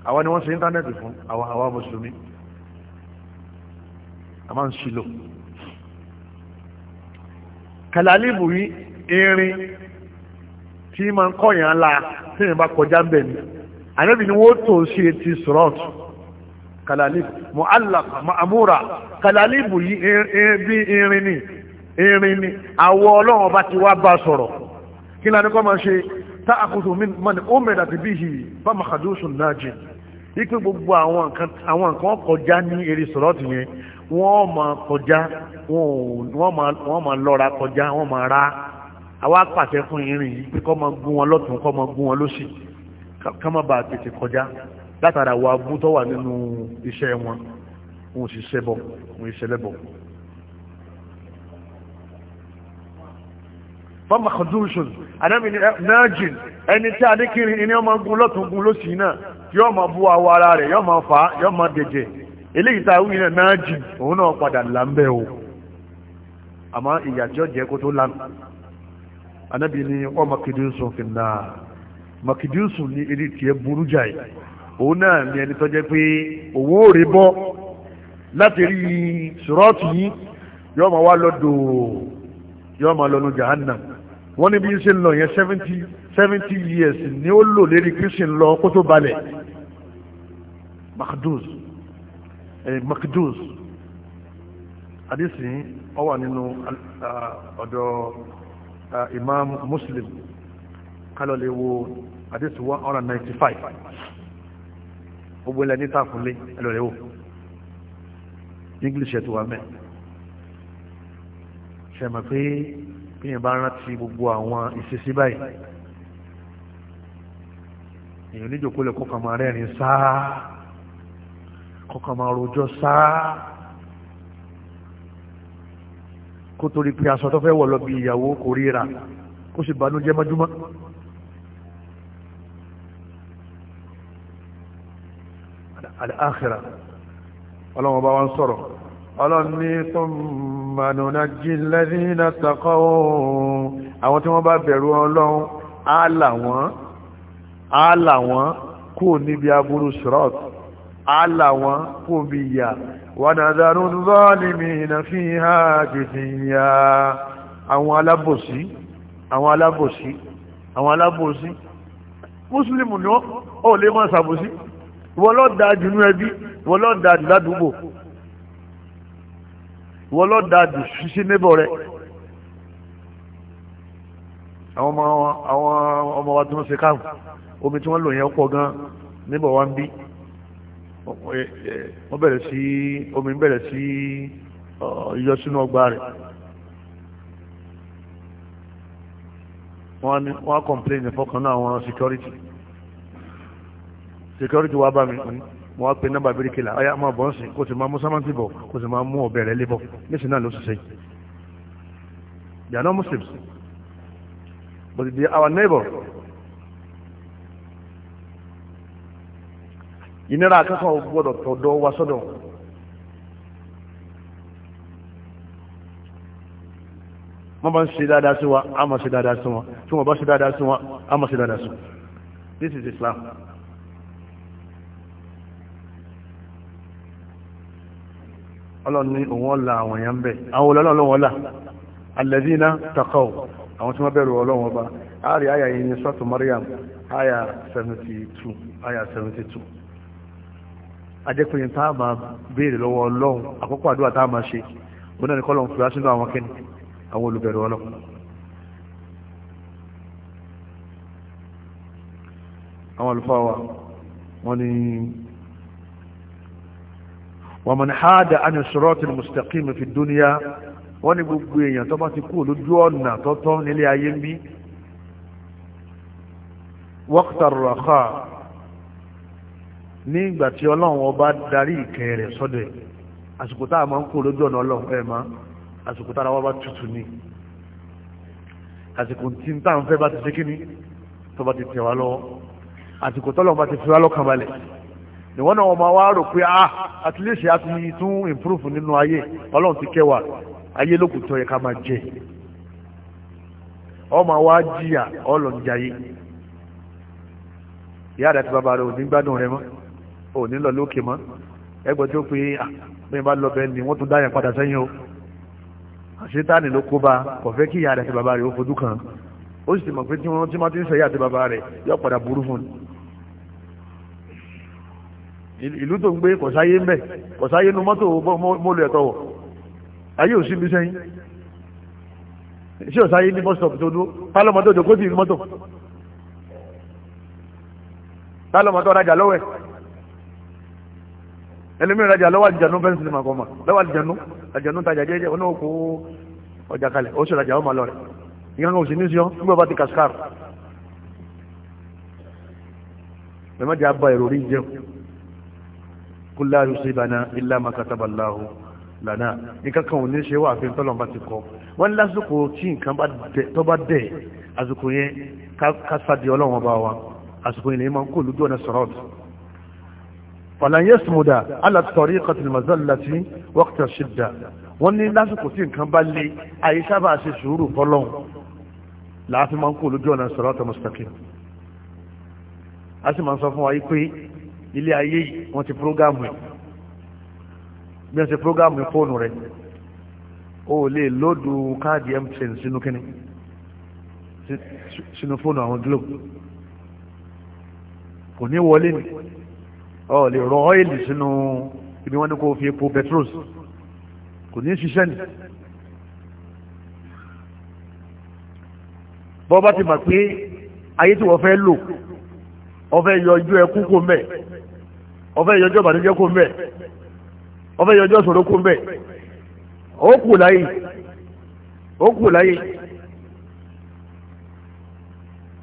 àwa ni wọ́n ṣe íńtánẹ́ẹ̀tì fún àwa àwa mùsùlùmí a máa ń ṣìlò. kàlálíbù yìí irin tí máa ń kọ̀yàn la tí èèyàn bá kọjá bẹ̀ ni àlẹ́bí ni wọ́n tó ṣe ti sọ̀rọ̀tù kàlálíbù mọ́ àlà mọ́ àmúra kàlálíbù yìí irin ni irin ni àwọ ọlọ́run ọba ti wá bá sọ̀rọ̀ kí lani kọ́ máa ṣe tá àkóso mi mọ̀ ní omerat bihi bá makadusu najin ipe gbogbo àwọn nǹkan kọjá ní eré sọ̀rọ̀tì yẹn wọ́n máa kọjá wọ́n máa lọ́ra kọjá wọ́n máa ra àwa pàṣẹ fún irin yìí pé kọ́ máa gún wọn lọ́tún kọ́ máa gún wọn lọ́sì ká má bàa tètè kọjá látara wa bú tó wà nínú iṣẹ́ wọn wọn sì ṣẹbọ wọn sì ṣẹlẹ́bọ. fọ́mà kọ̀dúrúṣùn anábì náàjìn ẹni tí a ní kiri ní ọmọ gun lọ́tún gun lóṣì náà yóò máa bú awọ ara rẹ̀ yóò máa fà á yóò máa dẹ̀jẹ̀ eléyìí tá a wí náà náàjìn òun náà padà láńbẹ́ o àmọ́ ìyàjọ́ jẹ́ kó tó lánà anábì ní ọ makidúsùn fi náà makidúsùn ní eré tiẹ̀ burú jáì òun náà ní ẹni tó jẹ́ pé òun ò rí bọ́ láti rí sùrọ́ọ̀tì yìí yóò máa wá lọ́dọ̀ yóò máa lọ́nu jahannam wọ́n ní bí ṣe lọ yẹn seventy seventy years ni ó lò lérí christian lọ kó tó balẹ̀ makduz eh, makduz adisi ó wà nínú uh, ọ̀dọ̀ uh, imam muslim kálọ̀ lè wo adisi one hundred ninety five gbogbo ilẹ̀ ní tàkùnlé ẹlọ́rẹ́ wò english ẹ̀ tó wà mẹ́ ṣe mọ̀ pé bí yẹn bá rántí gbogbo àwọn ìṣesí báyìí èèyàn oníjòkó lè kọ́kàn máa rẹ́rìn sáá kọ́kàn máa rojọ́ sáá kó torí pé aṣọ tó fẹ́ wọ̀ lọ bí ìyàwó kò ríra kó sì banújẹ́ mọ́júmọ́. al-akhirah ọlọ́wọ́n bá wa ń sọ̀rọ̀ ọlọ́ni thumma nunajji alladhina taqaw àwọn tí wọ́n bá bẹ̀rù ọlọ́run á là wọ́n á là wọ́n kú níbi aburú sirat á là kú bí ìyà wa nadharu adh-dhalimina fiha jithiya àwọn alábòsí àwọn alábòsí àwọn alábòsí mùsùlùmù ni ó lè máa ṣàbòsí wọ́n lọ́ọ́ dáa ẹbí wọ́n lọ́ọ́ dáa jù ìwọ lọ da jù sí níbọ̀ rẹ àwọn ọmọ àwọn ọmọ wa tí wọ́n ṣe káàmù omi tí wọ́n lò yẹn pọ̀ gan níbọ̀ wa ń bí wọ́n bẹ̀rẹ̀ sí omi bẹ̀rẹ̀ sí yíyọ sínú ọgbà rẹ̀ wọ́n ní complain fọkàn náà àwọn security security wa bá mi mo wá pe nọ́mbà bíríkìlà ọ̀yá máa bọ̀ ń sìn kó sì máa mú sámántì bọ̀ kó sì máa mú ọ̀bẹ rẹ̀ lébọ̀ nísìnyí náà ló ṣiṣẹ́ they are not Muslims but they are our neighbor ìnira akẹ́kọ̀ọ́ gbọ́dọ̀ tọ̀dọ̀ wa sọ́dọ̀ wọ́n bá ń ṣe dáadáa sí wa a máa ṣe dáadáa sí wọn tí wọ́n bá ṣe dáadáa sí wọn a máa ṣe dáadáa sí wọn this is Islam. ọlọ́run ní òun ọ̀la àwọn èèyàn bẹ̀ àwọn olọ́lọ́wọ́ ọ̀la alẹ́dínà takọ̀ àwọn tí wọ́n bẹ̀rù ọlọ́run ọba ààrẹ àyà yìí sọ́tù Maryam àyà 72 àyà 72 ajẹ́pẹ̀yìn tá máa béèrè lọ́wọ́ ọlọ́run àkókò àdúrà tá máa ṣe wọ́n ní wa man hada an as-sirati al-mustaqim fi dunya wọ́n ní gbogbo èèyàn tó bá ti kú lójú ọ̀nà tọ́tọ́ nílé ayé ń bí waqta ar-raqa ní ìgbà tí ọlọ́run ọba darí ìkẹ́ rẹ̀ sọ́dọ̀ ẹ̀ àsìkò tá a máa ń kú lójú ọ̀nà ọlọ́run ẹ̀ máa àsìkò tára wá bá tutù ni àsìkò tí ń tà ń fẹ́ bá ti ṣe kíní tó bá ti tẹ̀ wá lọ́wọ́ àsìkò tọ́lọ́run bá ti fi wá lọ́kàn balẹ̀ ìwọ́n náà wọ́n máa wá rò pé ah at least a ti tún improve nínú ayé ọlọ́run ti kẹwàá ayé lókùn tó yẹ ká máa jẹ ọ máa wá jìyà ọlọ́njayé ìyá àdàtí bàbá rẹ ò ní gbádùn rẹ mọ́ ò ní lọ lókè mọ́ ẹgbẹ́ tí ó pé ah bẹ́ẹ̀ bá lọ bẹ́ẹ̀ ni wọ́n tún dá yẹn padà sẹ́yìn o àṣetáni ló kó bá kò fẹ́ kí ìyá àdàtí bàbá rẹ ó fojú kan ó sì mọ̀ pé tí wọ́n ti máa ti ń sẹ́yìn àti bàbá rẹ yóò padà burú fún un ìlú tó ń gbé kò sáyé ń bẹ̀ kò sáyé nu mọ́tò mọ́lù ẹ̀tọ́ wọ̀ ayé ò síbi sẹ́yìn ṣé ò sáyé ní bọ́sítọ̀pù tó dúró pálọ́mọ́tò tó kó sì ní mọ́tò pálọ́mọ́tò ọ̀rajà lọ́wọ́ ẹ̀ ẹlẹ́mìíràn rajà lọ́wọ́ àjànú bẹ́ńsìlì màkọ́ mà lọ́wọ́ àjànú àjànú tajà jẹ́jẹ́ ọ̀nà òkú ọjà kalẹ̀ oṣù rajà ọmọ lọ rẹ̀ ìyá kan ò sí ní nígbà bá ti kàṣkàr ẹ̀ má jẹ́ abá èrò rí jẹun kul la yusibana illa ma kataballahu lana nǹkan kan ò ní ṣe wà fún tọ́lọ̀ bá ti kọ́ wọ́n lásìkò tí nǹkan tó bá dẹ̀ àsìkò yẹn kásádì ọlọ́run bá wa àsìkò yẹn lè máa ń kó lójú ọ̀nà sọ̀rọ̀d falan yasmuda ala tariqati al waqta shidda wọ́n ní lásìkò tí nǹkan bá lé àyè sábà ṣe sùúrù fọlọ́run láàfin máa ń kó lójú ọ̀nà sọ̀rọ̀d mustaqim a sì máa ń sọ fún wa yìí pé ilé ayé yìí wọ́n ti prógámù ẹ̀ bí wọ́n ti prógámù fóònù rẹ̀ o lè lóòdù káàdì mtn sínú kíní sínú fóònù àwọn glo kò ní wọlé ni ọ lè rọ ọ́ìlì sínú ibi wọ́n ní kó fi epo petros kò ní ṣiṣẹ́ ni bọ́ bá ti mọ̀ pé ayé tí wọ́n fẹ́ lò ọfẹ́ yọjú ẹkú kó mbẹ ọfẹ́ yọjú ọbànújẹ́ kó mbẹ ọfẹ́ yọjú ọ̀sọ̀rọ̀ kó mbẹ ó kù láyé ó kù láyé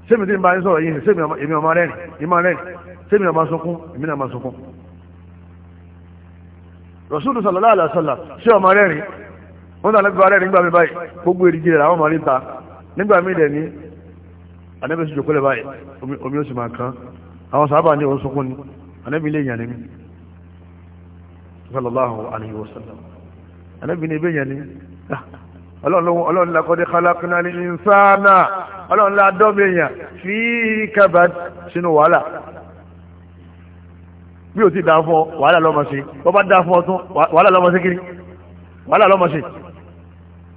sẹ́mi tí n bá ń sọ̀rọ̀ yìí sẹ́mi èmi ọmọ rẹ̀ ní ma rẹ̀ sẹ́mi ọmọ sunkún èmi náà ma sunkún Rasulu sallallahu alaihi wasallam ṣé ọmọ rẹ̀ rìn wọ́n tàn lẹ́gbẹ̀ẹ́ rẹ̀ nígbà mi báyìí gbogbo èrìgì rẹ̀ àwọn ọmọ rí ta nígbà mi dẹ̀ ní anabi sì jòkó lẹ̀ báyìí omi ó sì máa kán àwọn sábà ní òun sunkún ni anabi lè yàn ní mi sallallahu alayhi wa sallam anabi ní ibẹ̀ yàn ní mi ah, ọlọ́run lakọ́dé kálákínà ní ìsáànà ọlọ́run ládọ́bẹ̀yàn fi kẹba sínú wàhálà bí o ti dáa fún ọ wàhálà lọ́mọ sí bọ́ bá dáa fún ọ tún wàhálà lọ́mọ sí kiri wàhálà lọ́mọ sí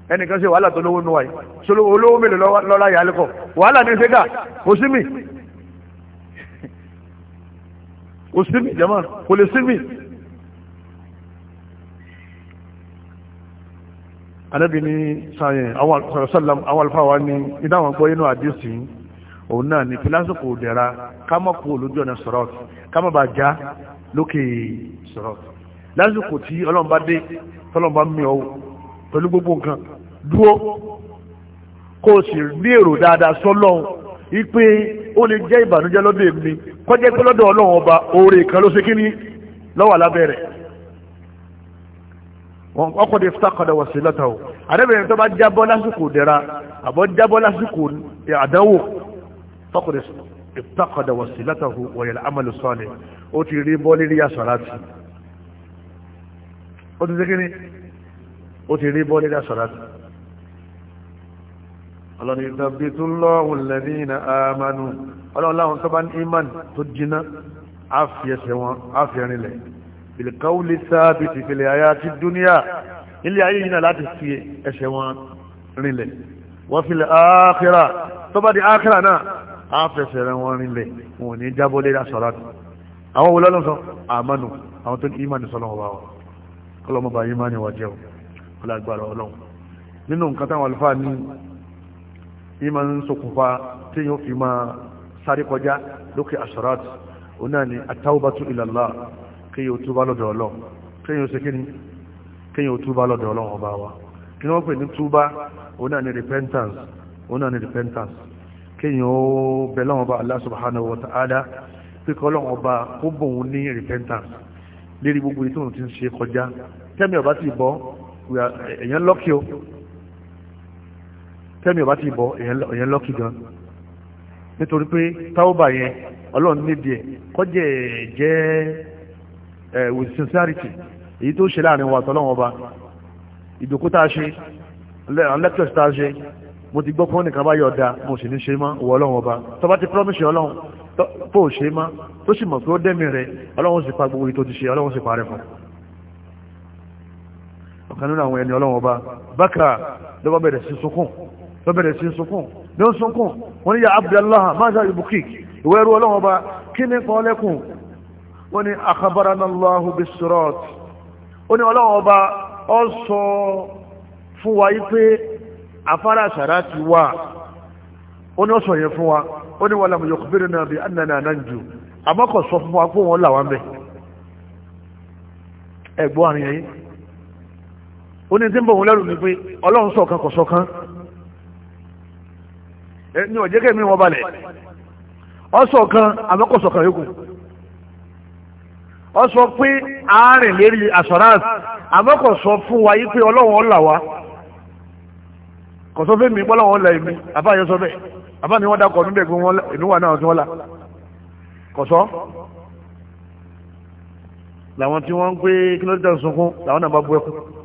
ẹnìkan ṣe wàhálà tó lówó nù wáyé sọlọ olówó mélòó lọ́la yà á lẹ́kọ̀ wàhálà ní sẹ́gà kò sí mi kò sí mi jẹ́mọ́ kò lè sí mi. anabi ni sáyẹn àwọn sọlọsọlọm àwọn alifáwa ni iná àwọn gbọ́ inú àdìsí òun náà ni filásìkò dẹ̀ra kámọ́kù olójú ọ̀nà sọ̀rọ̀t kámọ́ bá já lókè sọ̀rọ̀t lásìkò tí ọlọ́mbá dé tọ́lọ́mbá mi ọ́ pẹ̀lú gbogbo nǹkan dúró kó o sì ní èrò dáadáa sọ́lọ́hún ipe ó lè jẹ́ ìbànújẹ́ lọ́dọ̀ èmi kọjá pé lọ́dọ̀ ọlọ́run ọba oore kan ló ṣe kí ni lọ́wọ́ alábẹ́rẹ̀ wọn ọkọ̀ de fúta wọ̀ sí lọ́tà o àdébẹ̀rẹ̀ tó bá jábọ́ lásìkò dẹ̀ra àbọ̀ jábọ́ lásìkò àdánwò fọkọ̀ de fúta kọ̀dà wọ̀ sí lọ́tà o wọ̀nyẹ̀lẹ̀ amalu sọ́ọ̀lẹ̀ ó ti rí bọ́ lérí aṣọ láti ó ti ṣe kí ni ó ti rí bọ́ lérí aṣọ láti ọlọ́ni ìtàbítú lọ́wọ́ lẹ́ní ìnà àmànù ọlọ́láwọn tó bá ní iman tó jiná áfíẹsẹ̀ wọn áfíẹrinlẹ̀ ìlẹ̀kọ́wùlé sáàbì ti fìlẹ̀ ayá ti dúníà ilé ayé yìí náà láti fi ẹsẹ̀ wọn rinlẹ̀ wọ́n fi ààkìrà tó bá di ààkìrà náà áfẹsẹ̀ wọn rinlẹ̀ wọn ní jábọ́lé aṣọ́láàtì àwọn wọlọ́lọ́ sọ àmànù àwọn tó ní iman sọlọ́wọ́ wa kọlọ́mọba iman wa ìmọ̀ ń ṣokùnfà tí yóò fi máa sáré kọjá lókè asharat onáà ni atáwọ́bátú ìlàlá kí yóò túbá lọ́dọ̀ ọlọ́run kí yóò ṣe ni kí yóò ọba wa kí wọ́n pè ní túbá onáà ni repentance onáà ni repentance kí yóò bẹ̀ lọ́wọ́ bá Allah subhanahu wa ta'ala pé kọ́ lọ́wọ́ kó bòun ní repentance lérí gbogbo ìtòun ti ń ṣe kọjá tẹ́mi ọba ti bọ́ èèyàn lọ́kì o tẹ́mi ọba ti bọ̀ èèyàn lọ́kì gan nítorí pé táwọ́bà yẹn ọlọ́run níbi ẹ̀ kọ́jẹ́ jẹ́ ẹ̀ with sincerity èyí tó ṣe láàrin wa tọ́lọ́wọ́n ọba ìdòkú tá a ṣe lectures tá a ṣe mo ti gbọ́ fún nìkan bá yọ̀ ọ̀dà mo sì ní ṣe mọ́ wọ ọlọ́run ọba tó bá ti promise ọlọ́run tó ṣe mọ́ tó sì mọ̀ pé ó dẹ́mi rẹ̀ ọlọ́run sì pa gbogbo ètò ti ṣe ọlọ́run sì parẹ́ fún ọ̀kan nínú àwọn ẹni ọlọ́run ọba bákà ló bá bẹ̀rẹ̀ sí sunkún ló bẹ̀rẹ̀ sí sunkún ló ń sunkún wọ́n ní ya abdullahi maza ibukik ìwé ẹrú ọlọ́run ọba kí ní kan lẹ́kùn wọ́n ní akabaranallahu bisirat ó ní ọlọ́run ọba ọ sọ fún wa yí pé afárá sàrá ti wà ó ní ọ sọ yẹn fún wa ó ní wàlámù yukhbirna bi annana nanju àmọ́ kò sọ fún wa pé wọ́n là wá mẹ́ ẹ̀gbọ́n àrìyàn yìí ó ní tí ń bọ̀ wọn lẹ́rù ni pé ọlọ́run sọ̀kan kò sọ̀kan ní eh, òjẹ́kẹ́ mi wọ́n balẹ̀ ọ̀sọ̀ kan àmọ́kọ̀sọ̀ kan yókù ọ sọ pé àárín lérí assurance àmọ́kọ̀ fún wa yí pé ọ̀là wa mi pọ́lọ́run ọ̀là èmi àbáyọ sọ bẹ́ẹ̀ àbá ni wọ́n dákọ̀ wọn wà náà tí wọ́n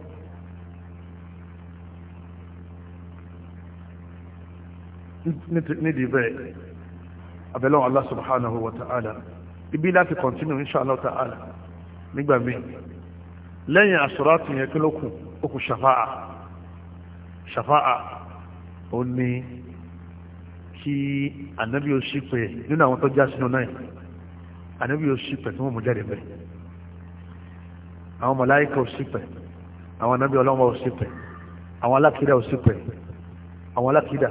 nídìí bẹ́ẹ̀ abẹ́lẹ́wọ̀n Allah subhanahu wa ta'ala ibi láti continue inshallah ta'ala nígbà míì lẹ́yìn àṣọ́ràtì yẹn kí ló kù ó kù ṣàfáà ṣàfáà ó ní kí ànábì ó sì pé nínú àwọn tó já sínú náà ànábì ó sì pé tí wọ́n mú jáde bẹ́ẹ̀ àwọn màláíkà ó sì pé àwọn ànábì ọlọ́wọ́ ó sì pé àwọn alákìdá ó sì pé àwọn alákìdá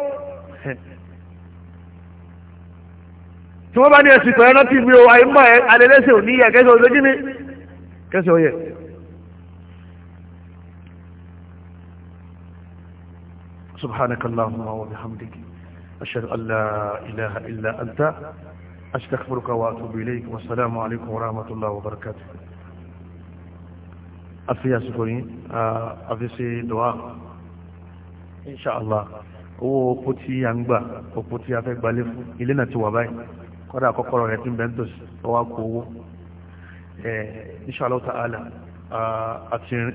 tí wọ́n bá ní ẹ̀sìn tọ́ ẹ̀nà tìbí o àìmọ́ ẹ̀ alẹ́lẹ́sẹ̀ òní yẹ kẹsẹ̀ òní lójúmi kẹsẹ̀ òyẹ. سبحانك اللهم وبحمدك أشهد أن لا إله إلا أنت أستغفرك وأتوب إليك والسلام عليكم ورحمة الله وبركاته أفيا سكوني أفيا دعاء إن شاء الله هو قوتي ينبع هو قوتي أفيا بالف ان توابين kọ́dà kọ́kọ́rọ́ rẹ̀ ti ń bẹ́ẹ̀ tòsí ọwọ́ kó owó inshallah ta'ala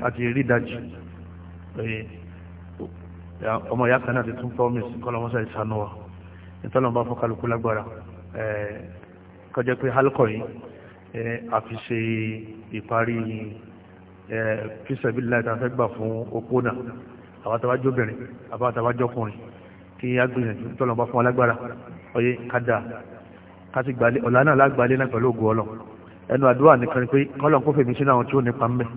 àti rí dájú ọmọ ìyá kan náà ti tún promise kọ́lọ́mọ́sá ìsànú wa ìtọ́nà bá fún kálukú lágbára kọjá pé halkọ̀ yìí àfi ṣe ìparí fíṣẹ̀bílá ìtafẹ́ gbà fún opónà àbátawájọ́bìnrin àbátawájọ́kùnrin kí á gbìyànjú bá fún alágbára ọyé kádà kásì gbalẹ̀ ọ̀la náà lágbàlẹ̀ náà pẹ̀lú ògùn ọlọ́ ẹnu àdúrà nìkan ni pé kọ́lọ̀ kó fèmí sínú àwọn tí ó nípa mẹ́